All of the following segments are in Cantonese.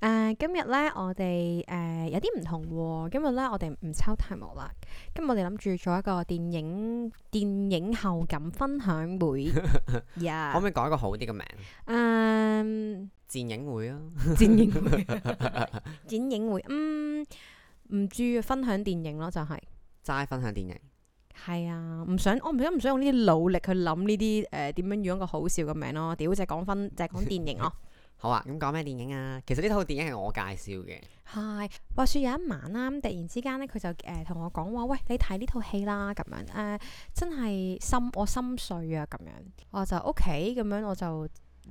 誒、呃，今日咧我哋誒、呃、有啲唔同，今日咧我哋唔抽題目啦。今日我哋諗住做一個電影電影後感分享會， Yeah 可唔可以改一個好啲嘅名？嗯、呃，電影會啊，電影會，電 影會，嗯，唔注意分享電影咯，就係齋分享電影。係啊，唔想我唔想唔想用呢啲努力去諗呢啲誒點樣樣一個好笑嘅名咯，屌就係講分就係講電影哦。 好啊！咁講咩電影啊？其實呢套電影係我介紹嘅。係，話說有一晚啦，咁突然之間咧，佢就誒同我講話，喂，你睇呢套戲啦，咁樣誒、呃，真係心我心碎啊，咁樣，我就 OK，咁樣我就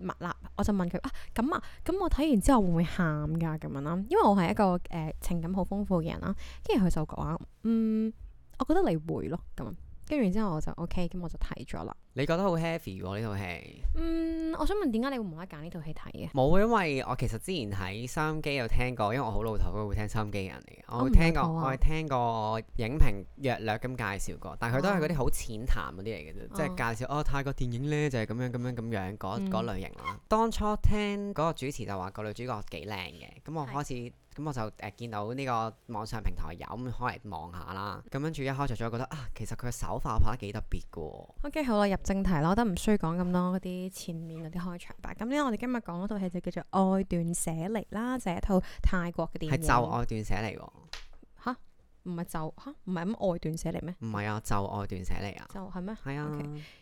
問啦，我就問佢啊，咁啊，咁我睇完之後會唔會喊噶？咁樣啦、啊，因為我係一個誒、呃、情感好豐富嘅人啦、啊。跟住佢就講，嗯，我覺得你會咯，咁樣。跟住之後我就 OK，咁我就睇咗啦。你覺得好 heavy 喎呢套戲。嗯，我想問點解你會冇得揀呢套戲睇嘅？冇，因為我其實之前喺收音機有聽過，因為我好老頭，會聽收音機嘅人嚟嘅。我會聽過，我係聽過影評約略略咁介紹過，但係佢都係嗰啲好淺談嗰啲嚟嘅啫，啊、即係介紹哦、啊啊、泰國電影呢就係咁樣咁樣咁樣嗰類型啦。嗯、當初聽嗰個主持就話個女主角幾靚嘅，咁我開始。咁我就誒、呃、見到呢個網上平台有，咁開嚟望下啦。咁跟住一開場，仲覺得啊，其實佢嘅手法拍得幾特別嘅喎、哦。OK，好啦，入正題咯，都唔需要講咁多嗰啲前面嗰啲開場白。咁呢，我哋今日講嗰套戲就叫做《愛斷捨離》啦，就係、是、一套泰國嘅電影。係就《愛斷捨離、啊》喎。唔係就吓，唔係咁外斷捨離咩？唔係啊，就外斷捨離啊。就係咩？係啊。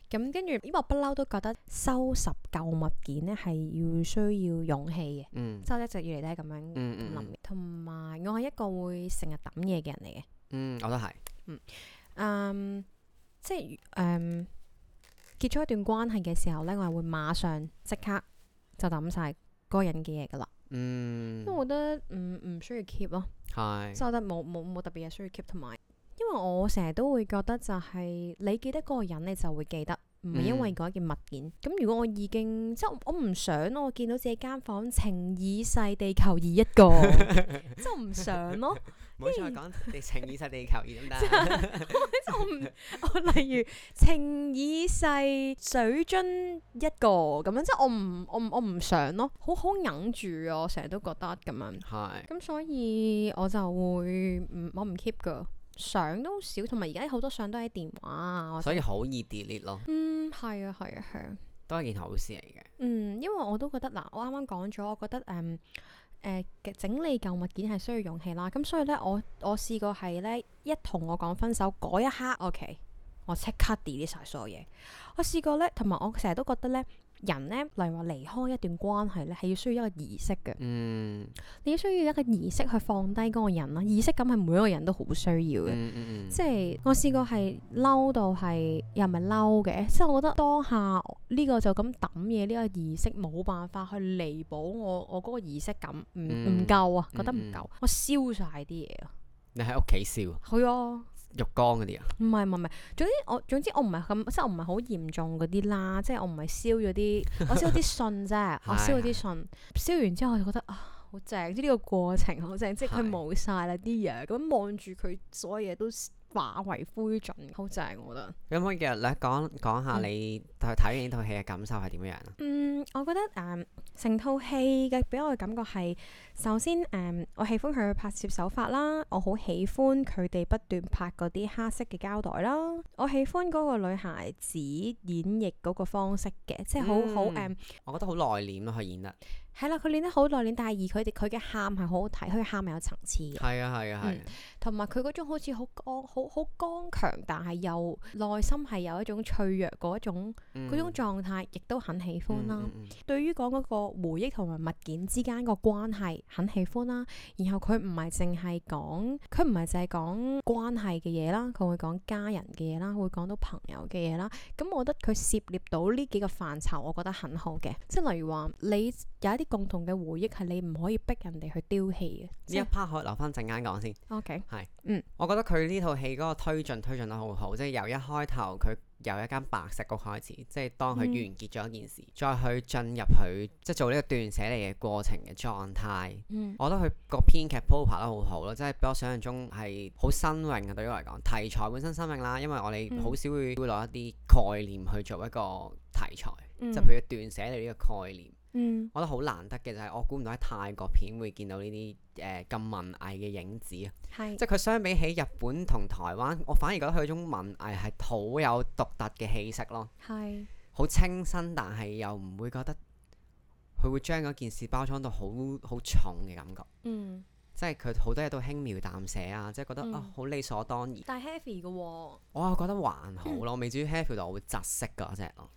咁跟住，因為我不嬲都覺得收拾舊物件咧，係要需要勇氣嘅。嗯。即一直以嚟都係咁樣諗嘅。同埋、嗯嗯，我係一個會成日抌嘢嘅人嚟嘅。嗯，我都係。嗯。Um, 即係，嗯、um,，結束一段關係嘅時候咧，我係會馬上即刻就抌晒個人嘅嘢噶啦。嗯。因為我覺得唔唔需要 keep 咯。收得冇冇冇特別嘢需要 keep，同埋，因為我成日都會覺得就係、是、你記得嗰個人，你就會記得，唔係因為嗰件物件。咁、嗯、如果我已經即係我唔想咯，我見到自己間房情已逝，地球而一個， 就唔想咯。唔好再講情已逝，地球儀咁得我唔，我例如情已逝，水樽一個咁樣，即係我唔，我我唔上咯，好好忍住啊！我成日都覺得咁樣。係。咁所以我就會唔，我唔 keep 噶相都少，同埋而家好多相都喺電話、嗯、啊。所以好易 delete 咯。嗯，係啊，係啊、係、啊，都係件好事嚟嘅。嗯，因為我都覺得嗱，我啱啱講咗，我覺得誒。嗯誒、呃、整理舊物件係需要勇氣啦，咁所以呢，我我試過係呢，一同我講分手嗰一刻，OK，我即刻 delete 曬所有嘢。我試過呢，同埋我成日都覺得呢。人咧，例如話離開一段關係咧，係要需要一個儀式嘅。嗯，你需要一個儀式去放低嗰個人啦，儀式感係每一個人都好需要嘅，嗯嗯。即係我試過係嬲到係又唔係嬲嘅，即係我覺得當下呢個就咁抌嘢呢個儀式，冇辦法去彌補我我嗰個儀式感，唔唔夠啊，覺得唔夠，我燒晒啲嘢啊！嗯嗯，你喺屋企燒？係啊。浴缸嗰啲啊？唔係唔係唔係，總之我總之我唔係咁，即係我唔係好嚴重嗰啲啦，即係我唔係燒咗啲， 我燒咗啲信啫， 我燒咗啲信，燒完之後我就覺得啊，好正，即係呢個過程好正， 即係佢冇晒啦啲嘢，咁望住佢所有嘢都。化為灰燼，好正我覺得。咁唔可以嘅，你講講下你去睇、嗯、完呢套戲嘅感受係點樣啊？嗯，我覺得誒，成套戲嘅俾我嘅感覺係，首先誒、嗯，我喜歡佢嘅拍攝手法啦，我好喜歡佢哋不斷拍嗰啲黑色嘅膠袋啦，我喜歡嗰個女孩子演繹嗰個方式嘅，即係好好誒，嗯嗯、我覺得好內斂咯，佢演得。係啦，佢練得好耐練，但係而佢哋佢嘅喊係好好睇，佢喊係有層次嘅。係啊，係啊，係、啊。同埋佢嗰種好似好剛好好剛強，但係又內心係有一種脆弱嗰種嗰種狀態，嗯、亦都很喜歡啦。嗯嗯嗯、對於講嗰個回憶同埋物件之間個關係，很喜歡啦。然後佢唔係淨係講，佢唔係淨係講關係嘅嘢啦，佢會講家人嘅嘢啦，會講到朋友嘅嘢啦。咁我覺得佢涉獵到呢幾個範疇，我覺得很好嘅。即係例如話，你有一啲。共同嘅回憶係你唔可以逼人哋去丟棄嘅。呢一 part 可以留翻陣間講先。OK。係，嗯，我覺得佢呢套戲嗰個推進推進得好好，即係由一開頭佢由一間白色屋開始，即係當佢完結咗一件事，嗯、再去進入佢即係做呢個斷捨離嘅過程嘅狀態。嗯、我覺得佢個編劇鋪排得好好咯，即係比我想象中係好新穎嘅。對於我嚟講，題材本身新穎啦，因為我哋好少會攞一啲概念去做一個題材，嗯、即係譬如斷捨離呢個概念。嗯，我覺得好難得嘅就係、是、我估唔到喺泰國片會見到呢啲誒咁文藝嘅影子啊，係是，即係佢相比起日本同台灣，我反而覺得佢種文藝係好有獨特嘅氣息咯，係是，好清新，但係又唔會覺得佢會將嗰件事包裝到好好重嘅感覺，嗯，即係佢好多嘢都輕描淡寫啊，即係覺得、嗯、啊好理所當然，但係 heavy 嘅喎、哦哦，我覺得還好咯，嗯、未至於 heavy 到我會窒息嗰隻咯。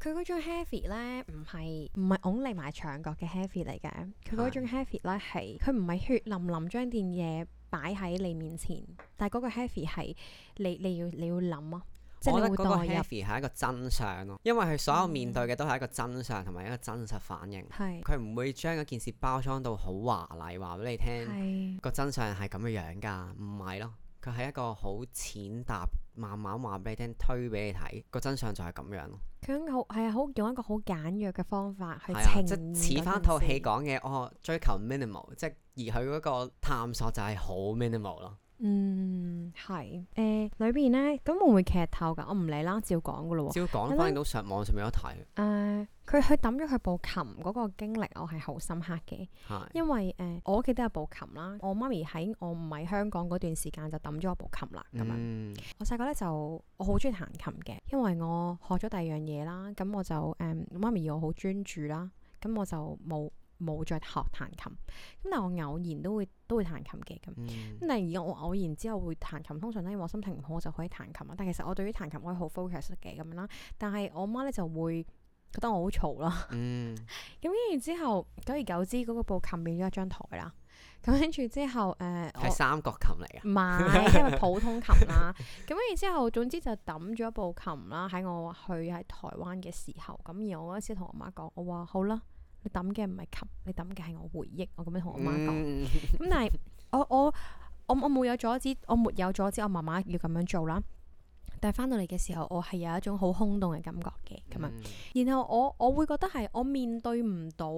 佢嗰種 heavy 咧，唔係唔係㧬你埋牆角嘅 heavy 嚟嘅。佢嗰種 heavy 咧係，佢唔係血淋淋將件嘢擺喺你面前，但係嗰個 heavy 係，你你要你要諗咯、啊。即係會當 heavy 係一個真相咯、啊。因為佢所有面對嘅都係一個真相同埋一個真實反應。係、嗯。佢唔會將件事包裝到好華麗話俾你聽是。係。個真相係咁嘅樣㗎，唔係咯。佢係一個好淺答，慢慢話俾你聽，推俾你睇，個真相就係咁樣咯。佢好係啊，好用一個好簡約嘅方法去聽。係即似翻套戲講嘅，哦，追求 minimal，即而佢嗰個探索就係好 minimal 咯。嗯，係，誒、呃，裏邊咧，咁會唔會劇透噶？我唔理啦，照講噶咯喎。照講，看反正都上網上面有得睇。誒，佢去抌咗佢部琴嗰個經歷，我係好深刻嘅，是 因為誒、呃，我屋企都有部琴啦，我媽咪喺我唔喺香港嗰段時間就抌咗我部琴啦，咁、嗯、樣。我細個咧就我好中意彈琴嘅，因為我學咗第二樣嘢啦，咁我就誒，媽、嗯、咪要我好專注啦，咁我就冇。冇再學彈琴，咁但係我偶然都會都會彈琴嘅咁。咁、嗯、但係而我偶然之後會彈琴，通常咧因為我心情唔好，我就可以彈琴啊。但其實我對於彈琴我可以好 focus 嘅咁樣啦。但係我媽咧就會覺得我好嘈啦。咁跟住之後，久而久之嗰、嗰個部琴變咗一張枱啦。咁跟住之後，誒、呃、係三角琴嚟啊，唔係因為普通琴啦。咁跟住之後，總之就揼咗一部琴啦。喺我去喺台灣嘅時候，咁而我嗰陣時同我媽講，我話好啦。你抌嘅唔係琴，你抌嘅係我回憶。我咁樣同我媽講，咁但係我我我我冇有阻止，我沒有阻止我媽媽要咁樣做啦。但係翻到嚟嘅時候，我係有一種好空洞嘅感覺嘅咁、嗯、樣。然後我我會覺得係我面對唔到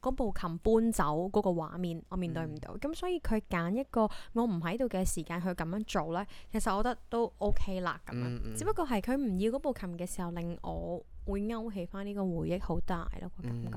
嗰部琴搬走嗰個畫面，我面對唔到。咁、嗯、所以佢揀一個我唔喺度嘅時間去咁樣做咧，其實我覺得都 OK 啦咁樣。嗯、只不過係佢唔要嗰部琴嘅時候令我。會勾起翻呢個回憶大、嗯、好大咯個感覺，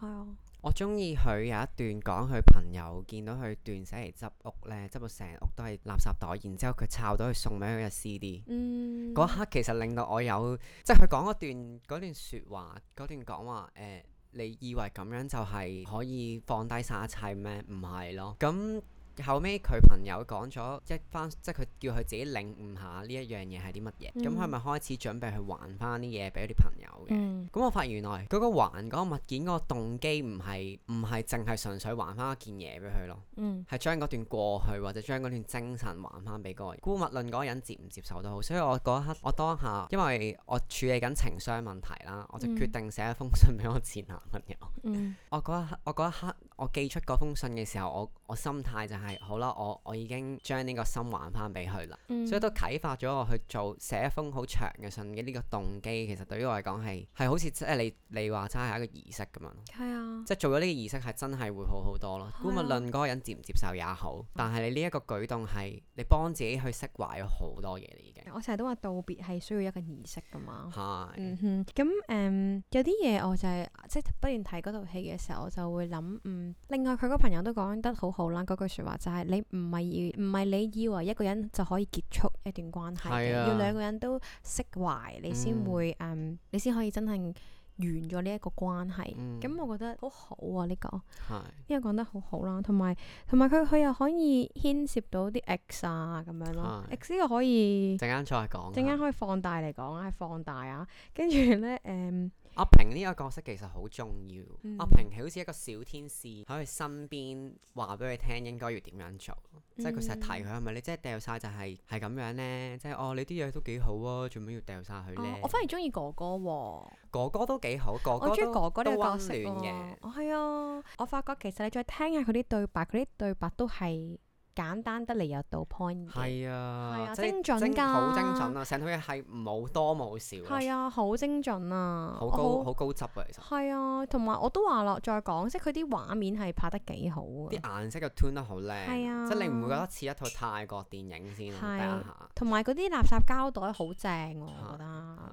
係啊！我中意佢有一段講佢朋友見到佢斷捨離執屋咧，執到成屋都係垃圾袋，然之後佢抄到佢送俾佢嘅 CD、嗯。嗰刻其實令到我有，即係佢講嗰段嗰段説話，嗰段講話誒、呃，你以為咁樣就係可以放低晒一切咩？唔係咯，咁。後尾佢朋友講咗一番，即係佢叫佢自己領悟下呢一樣嘢係啲乜嘢。咁佢咪開始準備去還翻啲嘢俾啲朋友嘅。咁、嗯、我發現原來嗰、嗰個還嗰、嗰個物件嗰、嗰個動機唔係，唔係淨係純粹還翻一件嘢俾佢咯，係、嗯、將嗰段過去或者將嗰段精神還翻俾個姑勿論嗰個人接唔接受都好。所以我嗰一刻，我當下因為我處理緊情傷問題啦，我就決定寫一封信俾我前男朋友。嗯嗯、 我嗰一刻，我嗰一刻。我寄出嗰封信嘅時候，我我心態就係、是、好啦，我我已經將呢個心還翻俾佢啦，嗯、所以都啟發咗我去做寫一封好長嘅信嘅呢個動機。其實對於我嚟講係係好似即係你你話齋係一個儀式咁樣，係啊，即係做咗呢個儀式係真係會好好多咯。姑勿、啊、論嗰個人接唔接受也好，但係你呢一個舉動係你幫自己去釋懷咗好多嘢已經。我成日都話道別係需要一個儀式噶嘛，是嗯哼咁誒、嗯、有啲嘢我就係即係不斷睇嗰套戲嘅時候，我就會諗嗯。另外佢個朋友都講得好好啦，嗰句說話就係你唔係要唔係你以為啊一個人就可以結束一段關係、啊嗯、要兩個人都釋懷，你先會嗯，嗯，你先可以真係完咗呢一個關係。咁、嗯、我覺得好好啊呢、這個，是 因為講得好好啦。同埋同埋佢佢又可以牽涉到啲 X 啊咁樣咯是，X 呢又可以，陣間再講，陣間可以放大嚟講係放大啊，跟住咧誒。嗯阿平呢個角色其實好重要，嗯、阿平係好似一個小天使喺佢身邊話俾佢聽應該要點樣做，嗯、即係佢成日提佢，係咪你即係掉晒就係係咁樣咧？即係哦，你啲嘢都幾好啊，做咩要掉晒佢咧？我反而中意哥哥喎。哦，哥哥都幾好，哥哥都我中意哥哥呢個角色，哥哥都溫暖嘅。我係啊，哦、啊，我發覺其實你再聽下佢啲對白，佢啲對白都係。簡單得嚟又到 point，係啊，精準㗎，好精準啊！成套嘢係冇多冇少，係啊，好精準啊，好高好高質啊，其實係啊，同埋我都話落再講即係佢啲畫面係拍得幾好啊，啲顏色就 tune 得好靚，即係你唔會覺得似一套泰國電影先，睇下。同埋嗰啲垃圾膠袋好正，我覺得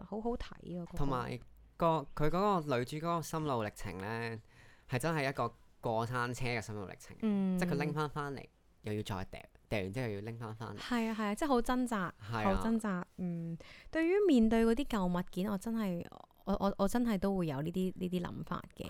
好好睇啊！同埋個佢嗰個女主角嘅心路歷程咧，係真係一個過山車嘅心路歷程，即係佢拎翻翻嚟。又要再掟，掟完之後又要拎翻翻，係啊係啊，即係好掙扎，好、係啊、掙扎。嗯，對於面對嗰啲舊物件，我真係我我我真係都會有呢啲呢啲諗法嘅。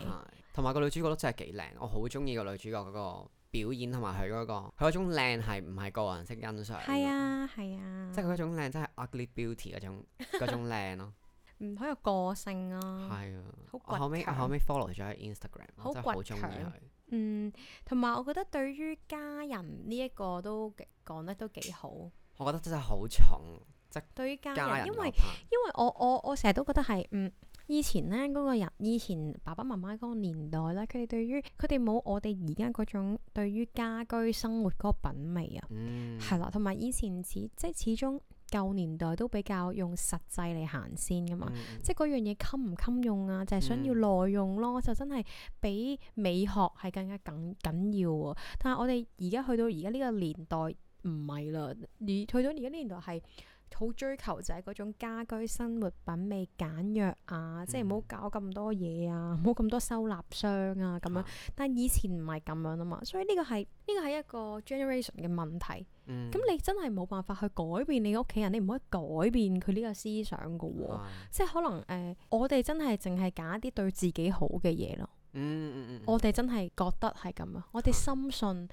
同埋、啊、個女主角都真係幾靚，我好中意個女主角嗰個表演同埋佢嗰個，佢嗰種靚係唔係個人識欣賞。係啊係啊，即係佢嗰種靚真係 ugly beauty 嗰種嗰種靚咯。嗯，好有個性咯。係啊，好強。後尾後尾 follow 咗佢 Instagram，就好中意佢。嗯，同埋我覺得對於家人呢一個都講得都幾好。我覺得真係好重，即係對於家人，家人因為我怕，因為我我我成日都覺得係嗯，以前咧嗰個人，以前爸爸媽媽嗰個年代咧，佢哋對於佢哋冇我哋而家嗰種對於家居生活嗰個品味啊，嗯，係啦，同埋以前始即係始終。舊年代都比較用實際嚟行先噶嘛，嗯、即係嗰樣嘢襟唔襟用啊，就係、是、想要耐用咯，嗯、就真係比美學係更加緊緊要啊。但係我哋而家去到而家呢個年代唔係啦，而去到而家呢年代係好追求就係嗰種家居生活品味簡約啊，嗯、即係唔好搞咁多嘢啊，唔好咁多收納箱啊咁樣。嗯、但係以前唔係咁樣啊嘛，所以呢個係呢個係一個 generation 嘅問題。咁你真係冇辦法去改變你屋企人，你唔可以改變佢呢個思想㗎喎。い即係可能誒、呃，我哋真係淨係揀一啲對自己好嘅嘢咯。我哋真係覺得係咁啊！我哋深信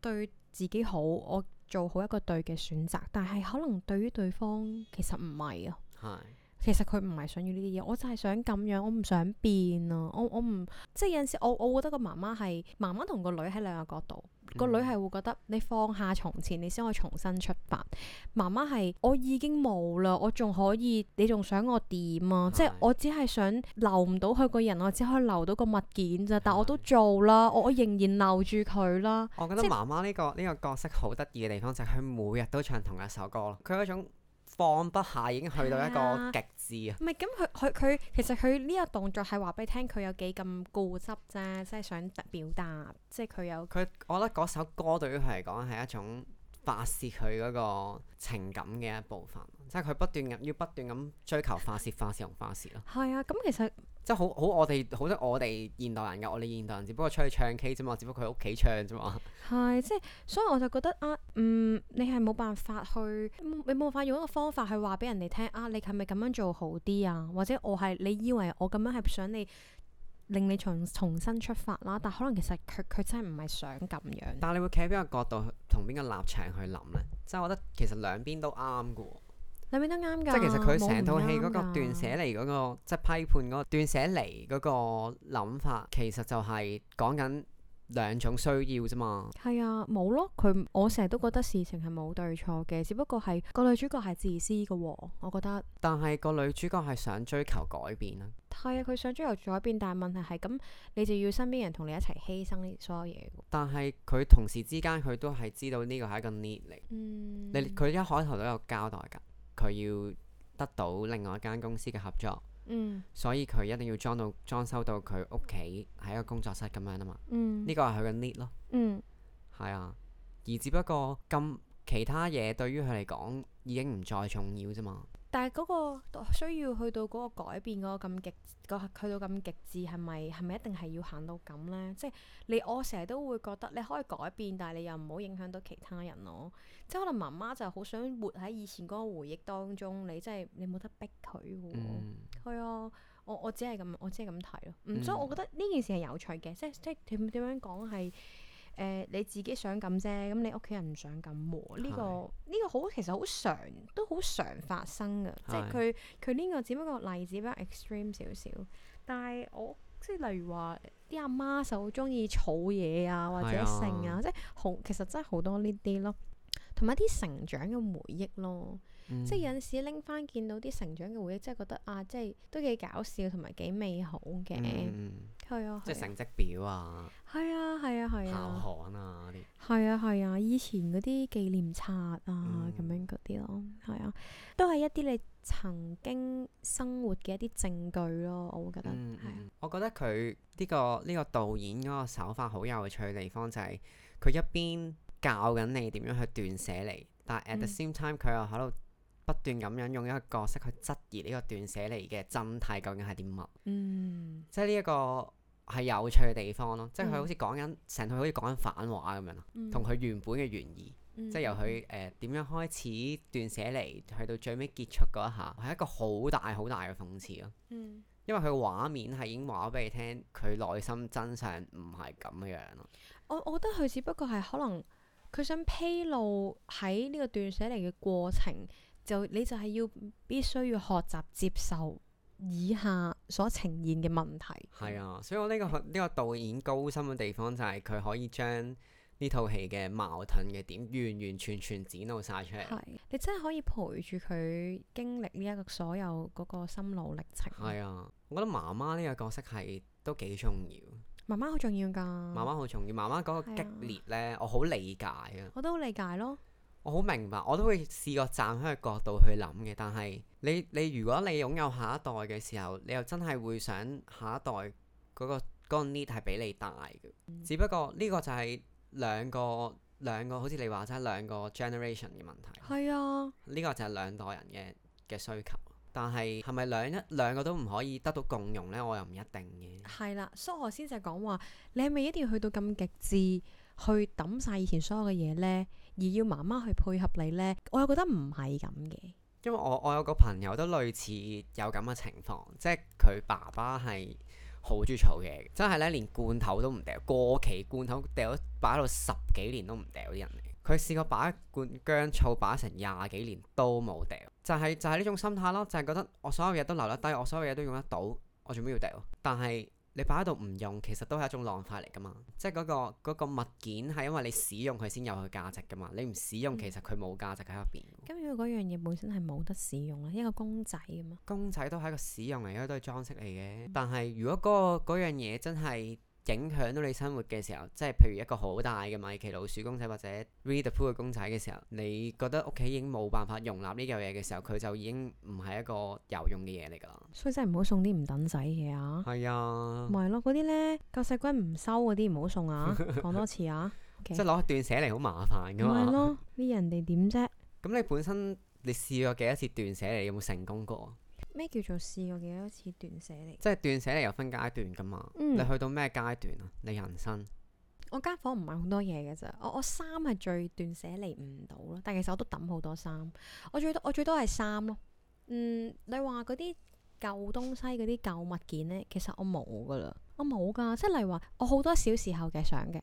對自己好，我做好一個對嘅選擇，但係可能對於對方其實唔係啊。其實佢唔係想要呢啲嘢，我就係想咁樣，我唔想變啊，我我唔即係有陣時，我時我，我覺得個媽媽係媽媽同個女喺兩個角度，個、嗯、女係會覺得你放下從前，你先可以重新出發。媽媽係我已經冇啦，我仲可以，你仲想我點啊？是 即係我只係想留唔到佢個人，我只可以留到個物件咋。是 但我都做啦，我仍然留住佢啦。是 即我覺得媽媽呢、呢個呢、呢個角色好得意嘅地方就係佢每日都唱同一首歌咯。佢嗰種。放不下已經去到一個極致啊！唔係咁，佢佢佢其實佢呢個動作係話俾你聽，佢有幾咁固執啫，即係想表達，即係佢有。佢我覺得嗰首歌對於佢嚟講係一種發泄佢嗰個情感嘅一部分，即係佢不斷要不斷咁追求發泄、發泄同發泄咯。係啊，咁其實。即好好，好我哋好得我哋現代人嘅。我哋現代人只不過出去唱 K 啫嘛，只不過佢屋企唱啫嘛。係，即係所以我就覺得啊，嗯，你係冇辦法去，你冇法用一個方法去話俾人哋聽啊，你係咪咁樣做好啲啊？或者我係你以為我咁樣係想你令你從重，重新出發啦？但可能其實佢佢真係唔係想咁樣。但係你會企喺邊個角度同邊個立場去諗咧？即係我覺得其實兩邊都啱噶喎。兩邊都啱㗎，即係其實佢成套戲嗰個斷捨離嗰、那個，即係批判嗰、那、斷捨離嗰個諗法，其實就係講緊兩種需要啫嘛。係啊，冇咯。佢我成日都覺得事情係冇對錯嘅，只不過係個女主角係自私嘅喎。我覺得。但係個女主角係想追求改變啊。係啊，佢想追求改變，啊、但係問題係咁，你就要身邊人同你一齊犧牲所有嘢。但係佢同時之間，佢都係知道呢個係一個 need 嚟。嗯。你佢一開頭都有交代㗎。佢要得到另外一間公司嘅合作，嗯、所以佢一定要裝到裝修到佢屋企，喺一個工作室咁樣啊嘛。呢個係佢嘅 need 咯，係、嗯、啊。而只不過咁其他嘢對於佢嚟講已經唔再重要啫嘛。但係嗰個需要去到嗰個改變嗰、嗰個咁極致、嗰個去到咁極致係咪係咪一定係要行到咁呢？即係你我成日都會覺得你可以改變，但係你又唔好影響到其他人咯。即係可能媽媽就好想活喺以前嗰個回憶當中，你真係你冇得逼佢嘅喎。係、嗯、啊，我我只係咁，我只係咁睇咯。嗯、所以我覺得呢件事係有趣嘅，即係即係點點樣講係。誒、呃、你自己想咁啫，咁你屋企人唔想咁喎。呢、這個呢是的 個好其實好常都好常發生噶，是的 即係佢佢呢個只不過例子比較 extreme 少少，但係我即係例如話啲阿媽就好中意儲嘢啊或者剩啊的，即係好其實真係好多呢啲咯。同埋啲成長嘅回憶咯，嗯、即係有陣時拎翻見到啲成長嘅回憶，即係覺得啊，即係都幾搞笑同埋幾美好嘅，係、嗯、啊，即係成績表啊，係啊，係啊，係啊，校刊啊啲，係啊，係啊，啊，以前嗰啲紀念冊啊咁、嗯、樣嗰啲咯，係啊，都係一啲你曾經生活嘅一啲證據咯，我會覺得係。嗯嗯啊、我覺得佢呢、呢個呢、呢個導演嗰個手法好有趣嘅地方就係佢一邊。教緊你點樣去斷捨離，嗯、但係 at the same time 佢又喺度不斷咁樣用一個角色去質疑呢個斷捨離嘅真態究竟係啲乜？嗯、即係呢一個係有趣嘅地方咯，嗯、即係佢好似講緊成套好似講緊反話咁樣同佢、嗯、原本嘅原意，嗯、即係由佢誒點樣開始斷捨離，去到最尾結束嗰一下，係一個好大好大嘅諷刺咯。嗯、因為佢畫面係已經話咗俾你聽，佢內心真相唔係咁樣咯。我我覺得佢只不過係可能。佢想披露喺呢個斷捨離嘅過程，就你就係要必須要學習接受以下所呈現嘅問題。係、嗯、啊，所以我呢、呢個呢、嗯、個導演高深嘅地方就係佢可以將呢套戲嘅矛盾嘅點完完全全展露晒出嚟。係、嗯啊，你真係可以陪住佢經歷呢一個所有嗰個心路歷程。係啊，我覺得媽媽呢個角色係都幾重要。媽媽好重要㗎，媽媽好重要。媽媽嗰個激烈呢，我好理解啊。我都好理解咯，我好明白，我都會試過站喺個角度去諗嘅。但係你你如果你擁有下一代嘅時候，你又真係會想下一代嗰、那個嗰、那個 need 係比你大嘅。嗯、只不過呢個就係兩個兩個好似你話齋兩個 generation 嘅問題。係啊、嗯，呢個就係兩代人嘅嘅 so。但係，係咪兩一兩個都唔可以得到共融呢？我又唔一定嘅。係啦，蘇河先生講話，你係咪一定要去到咁極致，去抌晒以前所有嘅嘢呢？而要媽媽去配合你呢？我又覺得唔係咁嘅。因為我我有個朋友都類似有咁嘅情況，即係佢爸爸係好中意儲嘢，真係呢，連罐頭都唔掉，過期罐頭掉咗擺到十幾年都唔掉啲人。佢試過把一罐薑醋擺成廿幾年都冇掉，就係、是、就係、是、呢種心態咯，就係、是、覺得我所有嘢都留得低，我所有嘢都用得到，我做咩要掉？但係你擺喺度唔用，其實都係一種浪費嚟噶嘛，即係嗰個物件係因為你使用佢先有佢價值噶嘛，你唔使用、嗯、其實佢冇價值喺入邊。咁如果嗰樣嘢本身係冇得使用咧，一個公仔咁啊？公仔都係一個使用嚟，因為都係裝飾嚟嘅。嗯、但係如果嗰、那、嗰、個、樣嘢真係，影響到你生活嘅時候，即係譬如一個好大嘅米奇老鼠公仔或者 Red Bull 嘅公仔嘅時候，你覺得屋企已經冇辦法容納呢樣嘢嘅時候，佢就已經唔係一個有用嘅嘢嚟噶啦。所以真係唔好送啲唔等使嘅啊！係是啊，咪咯嗰啲呢，救世軍唔收嗰啲唔好送啊！講 多次啊，okay。即係攞斷捨離好麻煩噶嘛、啊。咪咯，搣人哋點啫？咁你本身你試過幾多次斷捨離有冇成功過？咩叫做試過幾多次斷捨離？即係斷捨離又分階段噶嘛？嗯、你去到咩階段啊？你人生？我間房唔係好多嘢嘅咋。我我衫係最斷捨離唔到咯。但係其實我都揼好多衫。我最多我最多係衫咯。嗯，你話嗰啲舊東西嗰啲舊物件呢，其實我冇噶啦。我冇噶。即係例如話，我好多小時候嘅相嘅，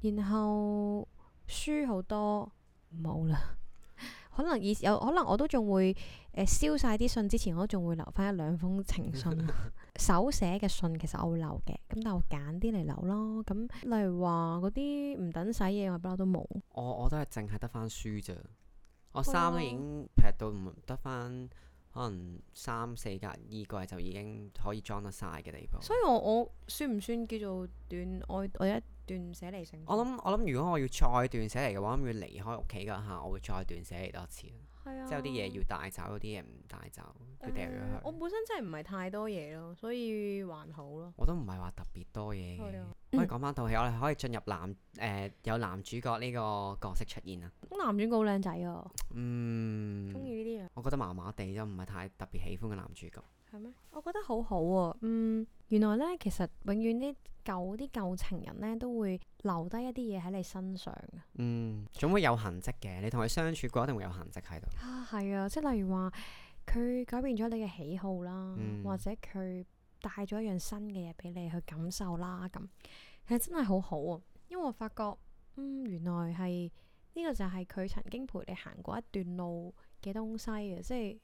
然後書好多，冇啦。可能以前有，可能我都仲會誒、呃、燒晒啲信之前，我都仲會留翻一兩封情信， 手寫嘅信其實我會留嘅，咁但係我揀啲嚟留咯。咁例如話嗰啲唔等使嘢，我不嬲都冇。 我我都係淨係得翻書啫，我衫都已經劈到唔得翻，可能三四格衣櫃就已經可以裝得晒嘅地方。所以我我算唔算叫做斷我。愛？斷捨離成。我諗我諗，如果我要再斷捨離嘅話，咁要離開屋企㗎下，我會再斷捨離多次。係啊，即係有啲嘢要帶走，有啲嘢唔帶走，佢、嗯、掉咗去。我本身真係唔係太多嘢咯，所以還好咯。我都唔係話特別多嘢嘅。可以講翻套戲，我哋可以進入男誒、呃、有男主角呢個角色出現啊！男主角好靚仔喎。嗯。中意呢啲人。我覺得麻麻地都唔係太特別喜歡嘅男主角。係咩？我覺得好好、啊、喎。嗯，原來咧，其實永遠啲舊啲舊、舊情人咧，都會留低一啲嘢喺你身上。嗯，總會有痕跡嘅。你同佢相處過，一定會有痕跡喺度。啊，係啊，即係例如話，佢改變咗你嘅喜好啦，嗯、或者佢。帶咗一樣新嘅嘢俾你去感受啦，咁其實真係好好啊，因為我發覺，嗯，原來係呢個就係佢曾經陪你行過一段路嘅東西嘅，即係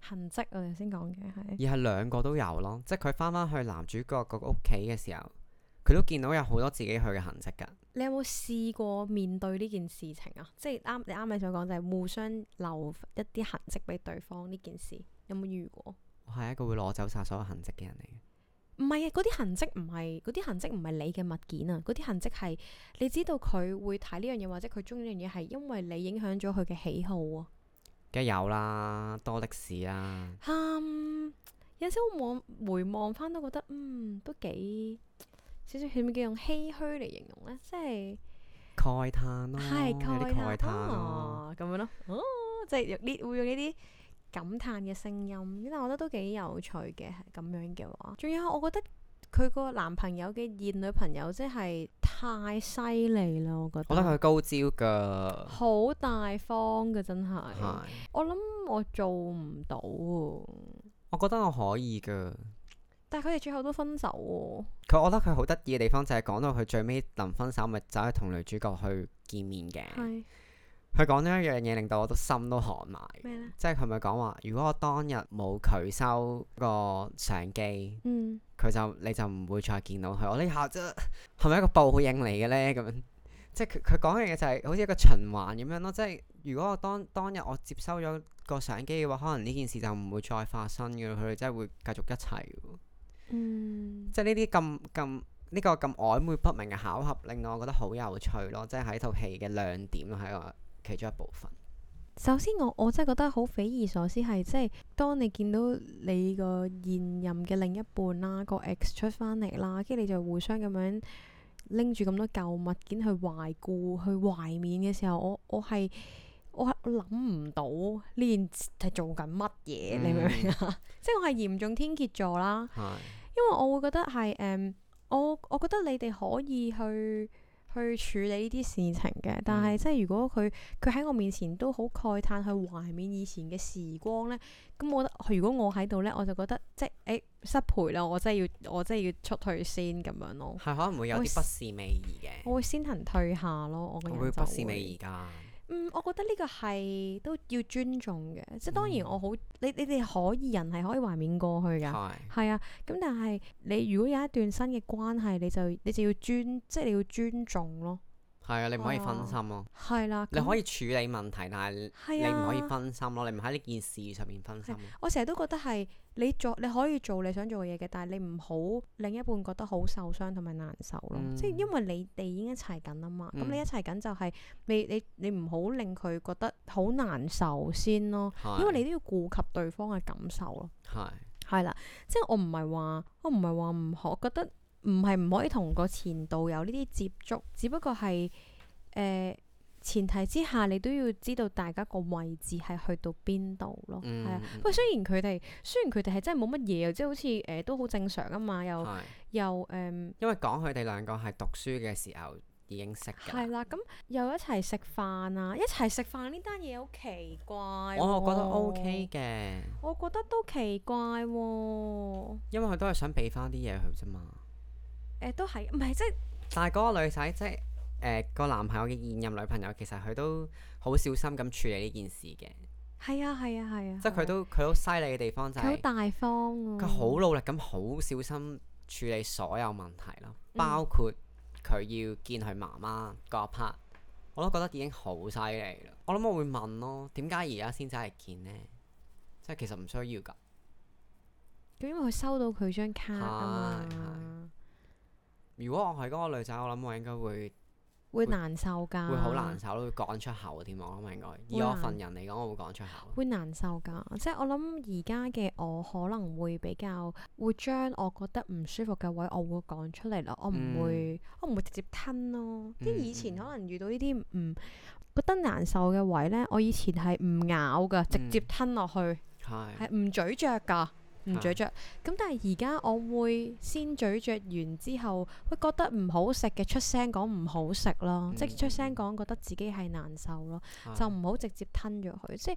痕跡我哋先講嘅係。而係兩個都有咯，即係佢翻翻去男主角個屋企嘅時候，佢都見到有好多自己去嘅痕跡噶。你有冇試過面對呢件事情啊？即係啱，你啱啱想講就係、是、互相留一啲痕跡俾對方呢件事，有冇遇過？我係一個會攞走晒所有痕迹嘅人嚟嘅。唔係啊，嗰啲痕迹唔係，嗰啲痕迹唔係你嘅物件啊，嗰啲痕迹係你知道佢會睇呢樣嘢，或者佢中意呢樣嘢，係因為你影響咗佢嘅喜好啊。梗係有啦，多的士啦、啊。嗯、um,，有陣時我望回望翻都覺得，嗯，都幾少少點解用唏噓嚟形容咧？即係慨嘆咯，係慨嘆咯，咁、哦、樣咯、啊。哦，即、就、係、是、用呢，會用呢啲。感嘆嘅聲音，因為我覺得都幾有趣嘅，係咁樣嘅話，仲有我覺得佢個男朋友嘅現女朋友即係太犀利啦，我覺得。我覺得佢高招㗎，好大方㗎，真係。係。我諗我做唔到，我覺得我可以㗎。但係佢哋最後都分手喎。佢我覺得佢好得意嘅地方就係、是、講到佢最尾臨分手，咪走去同女主角去見面嘅。佢講咗一樣嘢，令到我都心都寒埋。咩咧？即係佢咪講話，如果我當日冇拒收個相機，佢、嗯、就你就唔會再見到佢。我呢下啫，係咪一個報應嚟嘅呢？咁樣，即係佢佢講嘅嘢就係好似一個循環咁樣咯。即係如果我當當日我接收咗個相機嘅話，可能呢件事就唔會再發生嘅。佢哋真係會繼續一齊。嗯。即係呢啲咁咁呢個咁曖昧不明嘅巧合，令到我覺得好有趣咯。即係喺套戲嘅亮點喺度其中一部分。首先，我我真係覺得好匪夷所思，係即係當你見到你個現任嘅另一半啦，個 ex 出翻嚟啦，跟住你就互相咁樣拎住咁多舊物件去懷顧、去懷緬嘅時候，我我係我我諗唔到呢件事係做緊乜嘢？嗯、你明唔明啊？ 即係我係嚴重天蠍座啦，是的 因為我會覺得係誒、嗯，我我覺得你哋可以去。去處理呢啲事情嘅，但係即係如果佢佢喺我面前都好慨嘆，去懷念以前嘅時光呢，咁我覺得如果我喺度呢，我就覺得即係誒、欸、失陪啦，我真係要我真係要出去先咁樣咯。係可能會有啲不是味兒嘅。我會先行退下咯，我咁樣就會，我會不是味兒。嗯，我覺得呢個係都要尊重嘅，即係當然我好、嗯、你你哋可以人係可以懷緬過去㗎，係啊、嗯，咁但係你如果有一段新嘅關係，你就你就要尊，即係你要尊重咯。係啊，你唔可以分心咯。係啦，你可以處理問題，的但係你唔可以分心咯。的你唔喺呢件事上面分心。我成日都覺得係你做，你可以做你想做嘅嘢嘅，但係你唔好另一半覺得好受傷同埋難受咯。嗯、即係因為你哋已經一齊緊啊嘛，咁、嗯、你一齊緊就係你你你唔好令佢覺得好難受先咯。的因為你都要顧及對方嘅感受咯。係係啦，即係我唔係話我唔係話唔好覺得。唔係唔可以同個前度有呢啲接觸，只不過係誒、呃、前提之下，你都要知道大家個位置係去到邊度咯。係啊、嗯，不過雖然佢哋雖然佢哋係真係冇乜嘢，即係好似誒、呃、都好正常啊嘛，又、嗯、又誒，呃、因為講佢哋兩個係讀書嘅時候已經識，係啦，咁又一齊食飯啊，一齊食飯呢單嘢好奇怪。哦，我又覺得 O K 嘅，我覺得都、OK、奇怪。哦，因為佢都係想俾翻啲嘢佢啫嘛。誒都係，唔係即係，就是、但係嗰個女仔即係誒個男朋友嘅現任女朋友，其實佢都好小心咁處理呢件事嘅。係啊，係啊，係啊！即係佢都佢好犀利嘅地方就係、是。好大方啊！佢好努力咁，好小心處理所有問題咯，包括佢要見佢媽媽嗰一 part、嗯、我都覺得已經好犀利啦。我諗我會問咯，點解而家先真係見呢？即係其實唔需要㗎。佢因為佢收到佢張卡如果我係嗰個女仔，我諗我應該會會難受噶，會好難受囉，會講出口添，我諗應該。以我份人嚟講，會難，我會講出口。會難受噶，即係我諗而家嘅我可能會比較會將我覺得唔舒服嘅位我趕，我會講出嚟咯，我唔會，嗯、我唔會直接吞咯。即係、嗯、以前可能遇到呢啲唔覺得難受嘅位呢，我以前係唔咬噶，直接吞落去，係唔、嗯、咀嚼噶。嗯唔咀嚼咁，但係而家我會先咀嚼完之後，會，覺得唔好食嘅出聲講唔好食咯，嗯、即係出聲講覺得自己係難受咯，嗯、就唔好直接吞咗佢。嗯、即係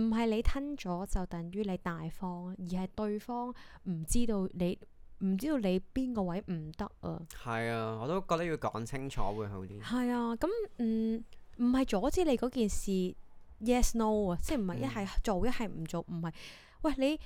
唔係你吞咗就等於你大方，而係對方唔知道你唔知道你邊個位唔得啊。係啊，我都覺得要講清楚會好啲。係啊，咁嗯，唔係阻止你嗰件事，yes no 啊，即係唔係一係做一係唔做，唔係、嗯、喂你。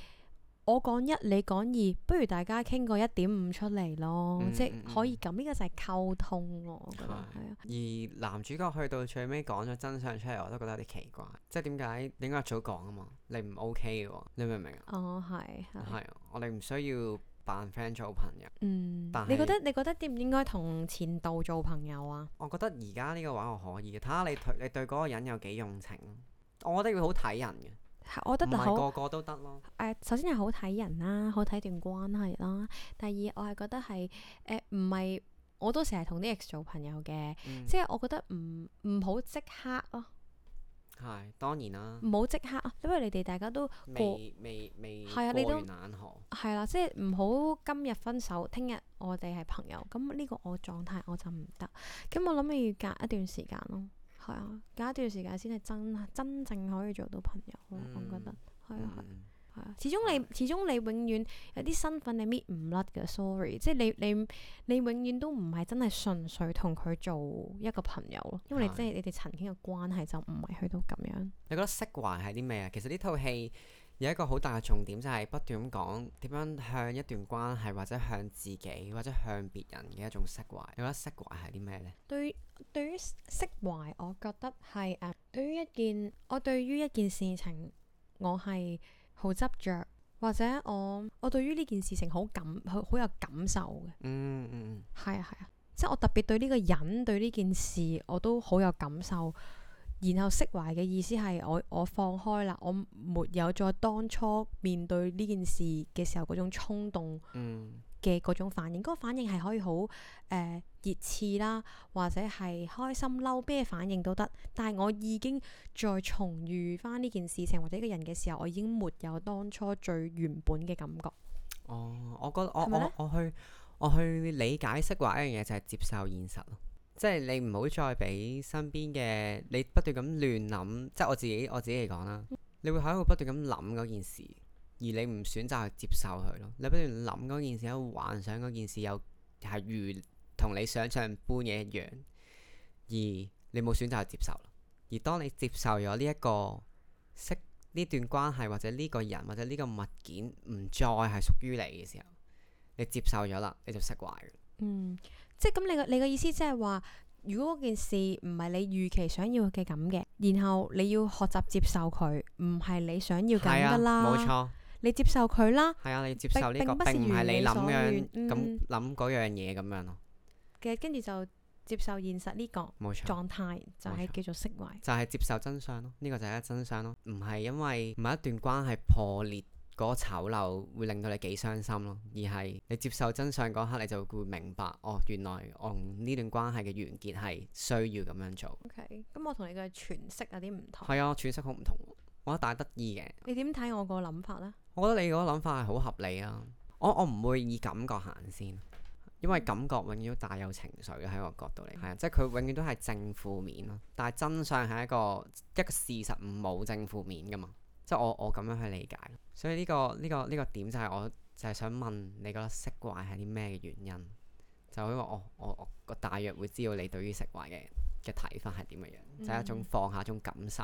我講一，你講二，不如大家傾個一點五出嚟咯，嗯、即可以咁。呢、嗯、個就係溝通咯，我覺得係啊。的的而男主角去到最尾講咗真相出嚟，我都覺得有啲奇怪。即係點解你應該早講啊嘛？你唔 OK 嘅喎，你明唔明啊？哦，係。係、哦，我哋唔需要扮 friend 做朋友。嗯是你。你覺得你覺得應唔應該同前度做朋友啊？我覺得而家呢個話我可以，睇下你，你對你對嗰個人有幾用情。我覺得要好睇人嘅。我覺得唔係個個都得咯。誒、呃，首先係好睇人啦、啊，好睇段關係啦、啊。第二，我係覺得係誒，唔、呃、係我都成日同啲 ex 做朋友嘅，嗯、即係我覺得唔唔好即刻咯、啊。係當然啦、啊。唔好即刻、啊，因為你哋大家都未未未過完冷河。係啦、啊，即係唔好今日分手，聽日我哋係朋友。咁呢個我狀態我就唔得。咁我諗你要隔一段時間咯。係啊，隔一段時間先係真真正可以做到朋友咯，嗯、我覺得係啊係啊，啊，始終你、嗯、始終你永遠有啲身份你搣唔甩嘅，sorry，即係你你你永遠都唔係真係純粹同佢做一個朋友咯，因為你、嗯、即係你哋曾經嘅關係就唔係去到咁樣。你覺得釋懷係啲咩啊？其實呢套戲。有一個好大嘅重點就係、是、不斷咁講點樣向一段關係或者向自己或者向別人嘅一種釋懷。你覺得釋懷係啲咩呢？對對於釋懷，我覺得係誒、嗯，對於一件我對於一件事情，我係好執着，或者我我對於呢件事情好感好有感受嘅、嗯。嗯嗯。係啊係啊，即係、啊、我特別對呢個人對呢件事，我都好有感受。然後釋懷嘅意思係我我放開啦，我沒有再當初面對呢件事嘅時候嗰種衝動嘅嗰種反應，嗰個、嗯、反應係可以好誒熱刺啦，或者係開心嬲咩反應都得。但係我已經再重遇翻呢件事情或者呢個人嘅時候，我已經沒有當初最原本嘅感覺。哦，我覺得是是我我我去我去理解釋懷一樣嘢就係、是、接受現實。即係你唔好再俾身邊嘅你不斷咁亂諗，即係我自己我自己嚟講啦，你會喺度不斷咁諗嗰件事，而你唔選擇去接受佢咯。你不斷諗嗰件事，幻想嗰件事有係如同你想象般嘅一樣，而你冇選擇去接受。而當你接受咗呢一個識呢段關係或者呢個人或者呢個物件唔再係屬於你嘅時候，你接受咗啦，你就釋懷。嗯。即係咁，你個你個意思即係話，如果件事唔係你預期想要嘅咁嘅，然後你要學習接受佢，唔係你想要咁噶啦。冇錯、啊，冇錯，你接受佢啦。係啊，你接受呢、這個並唔係你諗樣咁諗嗰樣嘢咁樣咯。嘅跟住就接受現實呢個狀態，冇錯，就係叫做釋懷，就係接受真相咯。呢、這個就係真相咯，唔係因為某一段關係破裂。嗰醜陋會令到你幾傷心咯，而係你接受真相嗰刻，你就會明白哦，原來哦，呢段關係嘅完結係需要咁樣做。OK，咁我同你嘅詮釋有啲唔同。係啊、嗯，詮釋好唔同，我覺得大得意嘅。你點睇我個諗法呢？我覺得你嗰個諗法係好合理啊！我我唔會以感覺行先，因為感覺永遠都帶有情緒喺我角度嚟，係啊、嗯，即係佢永遠都係正負面咯。但係真相係一個一個事實，冇正負面噶嘛。即我我咁樣去理解，所以呢個呢個呢個點就係我就係想問你覺得釋懷係啲咩嘅原因。就因為我我我大約會知道你對於釋懷嘅嘅睇法係點嘅樣，嗯、就係一種放下一種感受，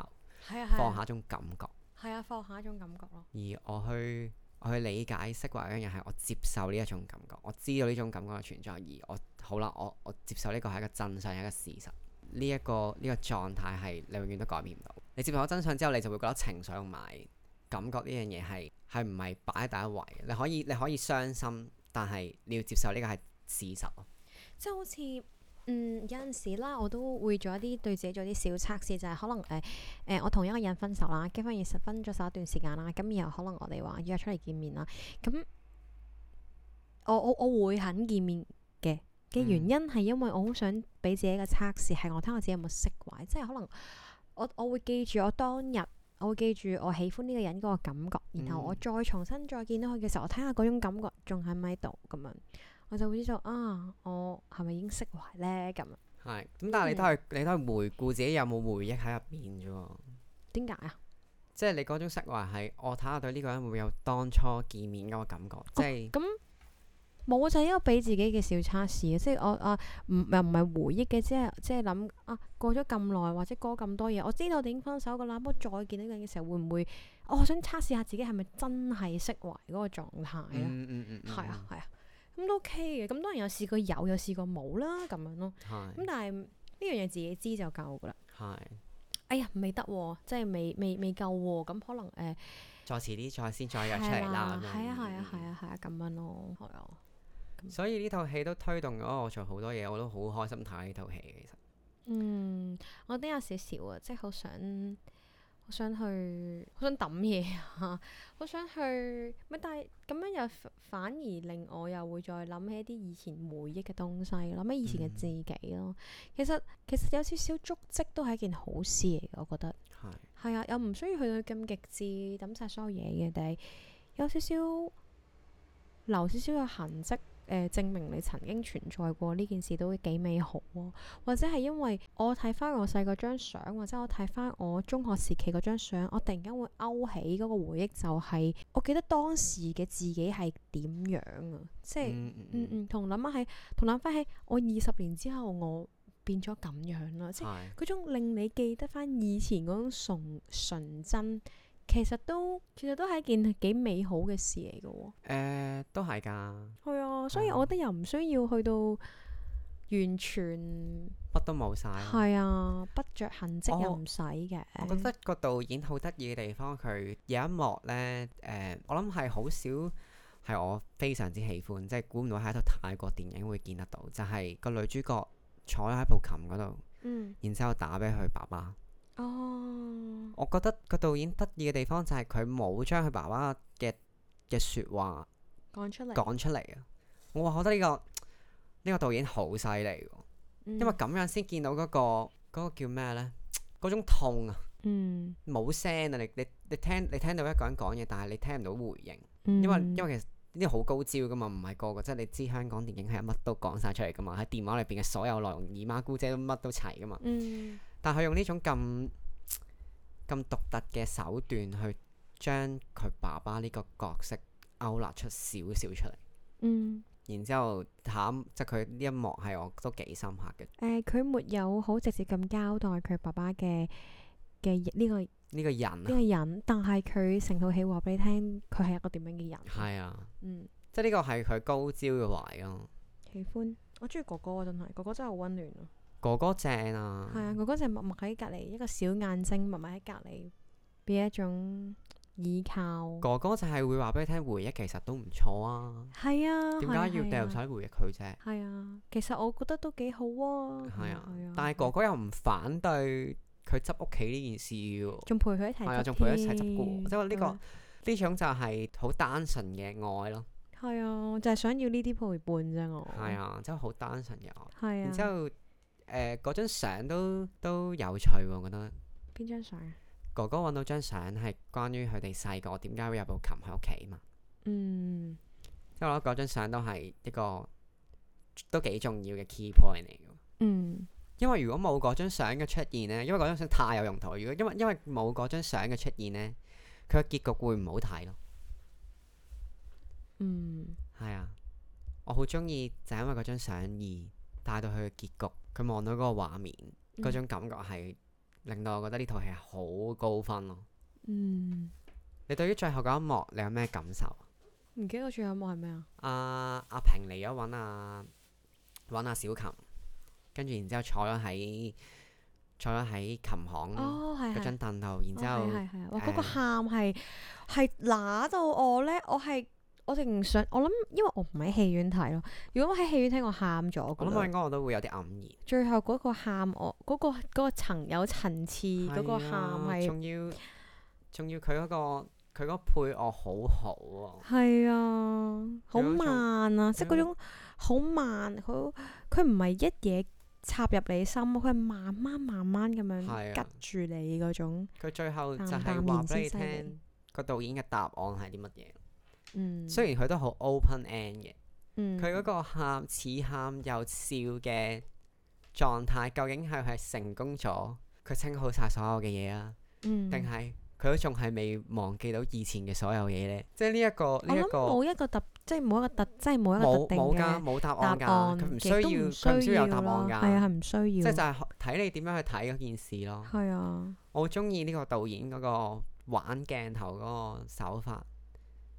嗯、放下一種感覺，係啊，啊放下一種感覺咯。而我去我去理解釋懷一樣嘢係我接受呢一種感覺，我知道呢種感覺嘅存在，而我好啦，我我接受呢個係一個真相，一個事實。呢一、這個呢、這個狀態係你永遠都改變唔到。你接受咗真相之後，你就會覺得情緒同埋感覺呢樣嘢係係唔係擺喺第一位。你可以你可以傷心，但係你要接受呢個係事實咯。即係好似嗯有陣時啦，我都會做一啲對自己做啲小測試，就係、是、可能誒誒、呃呃，我同一個人分手啦，經婚現十分咗手一段時間啦，咁然後可能我哋話約出嚟見面啦，咁我我我會肯見面。嘅原因係因為我好想俾自己一個測試，係我睇下我自己有冇釋懷？即係可能我我會記住我當日，我會記住我喜歡呢個人嗰個感覺，嗯、然後我再重新再見到佢嘅時候，我睇下嗰種感覺仲喺咪度咁樣，我就會知道啊，我係咪已經釋懷呢咁？係，咁但係你都係、嗯、你都係回顧自己有冇回憶喺入邊啫喎？點解啊？即係你嗰種釋懷係我睇下對呢個人會唔會有當初見面嗰個感覺，即係咁。就是哦冇就係一個俾自己嘅小測試啊，即係我啊唔又唔係回憶嘅，即係即係諗啊過咗咁耐或者過咁多嘢，我知道點分手噶啦，不過再見到佢嘅時候會唔會？我想測試下自己係咪真係釋懷嗰個狀態啊？嗯係啊係啊，咁都 OK 嘅。咁當然有試過有，有試過冇啦咁樣咯。咁但係呢樣嘢自己知就夠噶啦。係。哎呀，未得喎，即係未未未夠喎。咁可能誒，再遲啲再先再約出嚟啦。係啊係啊係啊係啊，咁樣咯。係啊。所以呢套戲都推動咗我做好多嘢，我都好開心睇呢套戲其實，嗯，我都有少少啊，即係好想，好想去，好想抌嘢啊，我 想去，咪但係咁樣又反而令我又會再諗起一啲以前回憶嘅東西，諗起以前嘅自己咯、嗯。其實其實有少少足跡都係一件好事嚟嘅，我覺得係啊的，又唔需要去到咁極致抌晒所有嘢嘅，但係有少少留少少嘅痕迹。誒證明你曾經存在過呢件事都會幾美好喎，啊，或者係因為我睇翻我細個張相，或者我睇翻我中學時期嗰張相，我突然間會勾起嗰個回憶，就係我記得當時嘅自己係點樣啊！即係嗯嗯，同諗翻起，同諗翻起，我二十年之後我變咗咁樣啦，啊，即係嗰種令你記得翻以前嗰種純純真。其實都其實都係一件幾美好嘅事嚟嘅喎。誒、呃，都係噶。係啊，所以我覺得又唔需要去到完全乜都冇晒。係啊，不着痕跡又唔使嘅。我覺得個導演好得意嘅地方，佢有一幕呢，誒、呃，我諗係好少係，我非常之喜歡，即係估唔到喺一套泰國電影會見得到，就係、是、個女主角坐喺部琴嗰度，嗯、然之後打俾佢爸爸。哦、oh.，我覺得、個導演得意嘅地方就係佢冇將佢爸爸嘅嘅説話講出嚟，講出嚟啊！我覺得呢個呢個導演好犀利喎，因為咁樣先見到嗰、嗰個嗰個叫咩呢？嗰種痛啊，冇、嗯、聲啊！你你你聽你聽到一個人講嘢，但係你聽唔到回應，嗯、因為因為其實呢啲好高招噶嘛，唔係個個即係你知香港電影係乜都講晒出嚟噶嘛，喺電話裏邊嘅所有內容，姨媽姑姐都乜都齊噶嘛。嗯但佢用呢種咁咁獨特嘅手段去將佢爸爸呢個角色勾勒出少少出嚟。嗯。然之後下即係佢呢一幕係我都幾深刻嘅。誒、呃，佢沒有好直接咁交代佢爸爸嘅嘅呢個呢個人、啊。呢個人，但係佢成套戲話俾你聽，佢係一個點樣嘅人。係啊。啊嗯。即係呢個係佢高招嘅懷咯。喜歡，我中意哥哥、啊、哥、哥哥真係、啊，哥哥真係好溫暖哥哥正啊！係啊，哥哥就係默默喺隔籬，一個小眼睛，默默喺隔籬，俾一種依靠。哥哥就係會話俾你聽回憶，其實都唔錯啊。係啊，點解要掉晒回憶佢啫？係啊，其實我覺得都幾好啊。係啊，但係哥哥又唔反對佢執屋企呢件事，仲陪佢一齊。係啊，仲陪佢一齊執過，即係呢個呢種就係好單純嘅愛咯。係啊，就係想要呢啲陪伴啫，我。係啊，真係好單純嘅愛。係啊，然之後。誒，嗰張、呃、相都都有趣喎，我覺得。邊張相啊？哥哥揾到張相係關於佢哋細個點解會有部琴喺屋企嘛？嗯。即係我覺得嗰張相都係一個都幾重要嘅 key point 嚟嘅。嗯。因為如果冇嗰張相嘅出現呢，因為嗰張相太有用途。如果因為因為冇嗰張相嘅出現呢，佢嘅結局會唔好睇咯。嗯。係啊。我好中意，就係因為嗰張相而帶到佢嘅結局。佢望到嗰個畫面，嗰、嗯、種感覺係令到我覺得呢套戲好高分咯。嗯，你對於最後嗰一幕你有咩感受？唔記得最後一幕係咩啊？阿阿平嚟咗揾阿揾阿小琴，跟住然之後坐咗喺坐咗喺琴行哦，嗰張凳度。然之後嗰個喊係係乸到我咧，我係～我唔想，我諗，因為我唔喺戲院睇咯。如果我喺戲院睇，我喊咗。我諗我應該我都會有啲黯然。最後嗰個喊，我、嗰、嗰個嗰、嗰個層有層次，嗰、啊、個喊係。仲要，仲要佢嗰、嗰個佢嗰配樂好好。啊，係啊，好慢啊，即係嗰種好、啊、慢，好佢唔係一嘢插入你心，佢係、啊、慢慢慢慢咁樣吉住你嗰種。佢、啊、最後就係話俾你聽，導個導演嘅答案係啲乜嘢。嗯，雖然佢都好 open end 嘅，佢嗰、嗯、個喊似喊又笑嘅狀態，究竟，係係成功咗，佢清好晒所有嘅嘢啊，定係佢都仲係未忘記到以前嘅所有嘢咧？即係呢一個呢個冇一個特，呢個，即係冇一個特，即係冇一個冇冇噶，冇答案噶，佢唔需要，唔需、需要有答案噶，係啊，唔需要，即係就係睇你點樣去睇嗰件事咯。係啊，我好中意呢個導演嗰個玩鏡頭嗰個手法。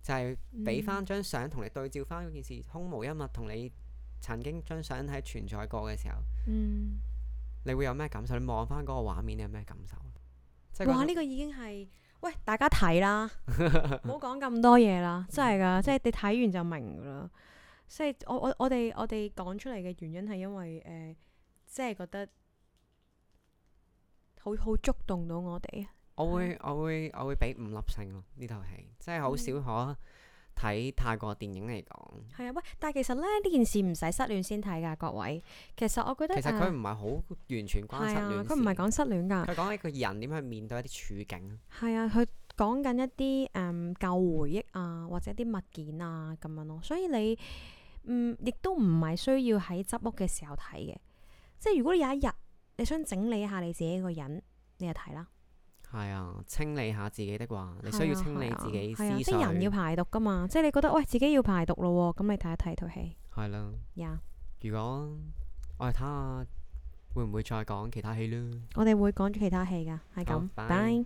就係俾翻張相同你對照翻嗰件事，空無一物同你曾經張相喺存在過嘅時候，嗯、你會有咩感受？你望翻嗰個畫面，你有咩感受？就係、哇！呢、呢個已經係喂大家睇啦，唔好講咁多嘢啦，真係㗎，即係、嗯、你睇完就明㗎喇。所以我我我哋我哋講出嚟嘅原因係因為誒，即、呃、係、就係、覺得好好觸動到我哋啊！我會，我會，我會俾五粒星咯。呢套戲真係好少可睇泰國電影嚟講、嗯。係啊、嗯，喂！但係其實咧，呢件事唔使失戀先睇㗎，各位。其實我覺得、就係、其實佢唔係好完全關失戀。佢唔係講失戀㗎。佢講一個人點樣面對一啲處境。係、嗯、啊，佢講緊一啲誒舊回憶啊，或者啲物件啊咁樣咯。所以你嗯亦都唔係需要喺執屋嘅時候睇嘅。即係如果你有一日你想整理一下你自己個人，你就睇啦。係啊，清理下自己的話，啊、你需要清理自己私、啊。啲、啊啊、人要排毒噶嘛，即係你覺得喂自己要排毒咯，咁你睇一睇套戲。係咯。如果我哋睇下會唔會再講其他戲咧？我哋會講住其他戲噶，係咁。拜拜。